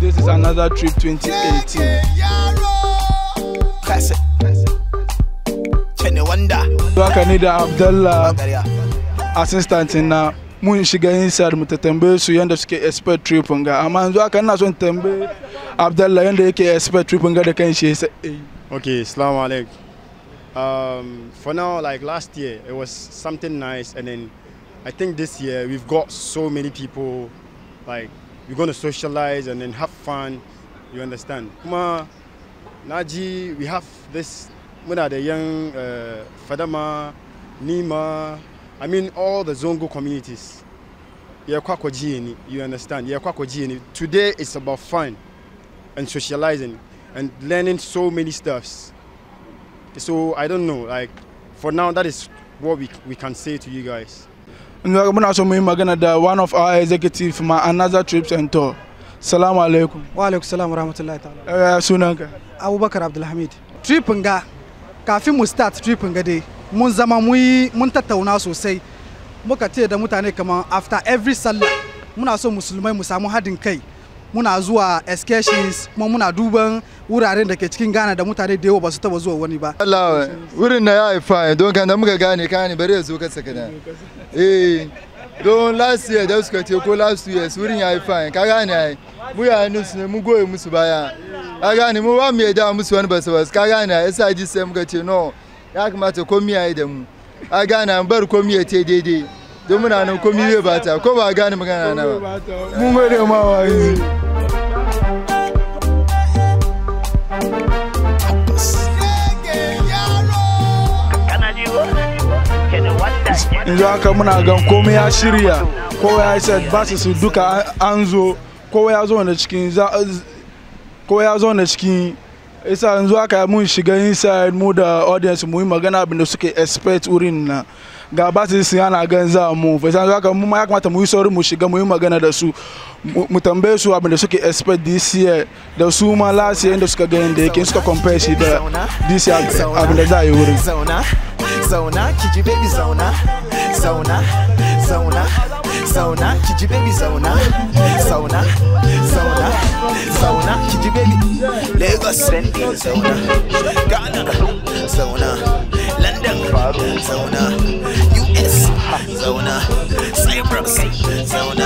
This is another trip 2018. Abdullah, assistant in uh, shiga inside expert trip Abdullah expert trip okay um for now like last year it was something nice and then I think this year we've got so many people like we're going to socialize and then have fun. You understand? Kuma Naji, we have this muna the young uh, Fadama, Nima, I mean all the Zongo communities. You understand? Today it's about fun and socializing and learning so many stuffs. So I don't know, like for now that is what we, we can say to you guys. muna so mu yi magana da one of our executive ma another trips and tour salamu alaikum wa alaikum salam rahmatullahi ta'ala sunan eh, sunanka abubakar abdulhamid tripin ga kafin mu start tripin ga dai mun zama mun tattauna sosai muka ce da mutane kamar after every sallah muna so musulmai mu samu hadin kai muna zuwa excursions kuma muna duban wuraren da ke cikin Ghana da mutane da yawa ba su taba zuwa wani ba. Allah wurin na yayi fine don kan da muka gane kani bari ya zo ka da. Eh don last year da suka ce ko last year wurin ya fine ka gane ai mu ya su ne mu goye musu baya. Ka gane mu ba mu yadda musu wani basu basu ka gane ai sai ji sai muka ce no ya kamata ko ya yi da mu. Ka gane an bar komi ya ce daidai. don muna nan komi bai bata ko ba gane magana na ba mun da ma wa yanzu haka muna gan komai ya shirya kowa ya isa ba su duka an zo kowa ya zo na cikin kowa ya zo na cikin isa yanzu haka mun shiga inside mu da audience mu yi magana abinda suke expect wurin na ga basis sun ana gan za mu fa za haka mu ma ya kamata mu yi sauri mu shiga mu yi magana da su mu tambaye su abin da suke expect this year da su ma last year inda suka ga yanda yake suka compare shi da this year abin da za a yi wurin zauna zauna kiji baby zauna zauna zauna zauna baby zauna zauna zauna zauna baby lagos zauna ghana zauna london zauna Zona, Cyprus, Zona.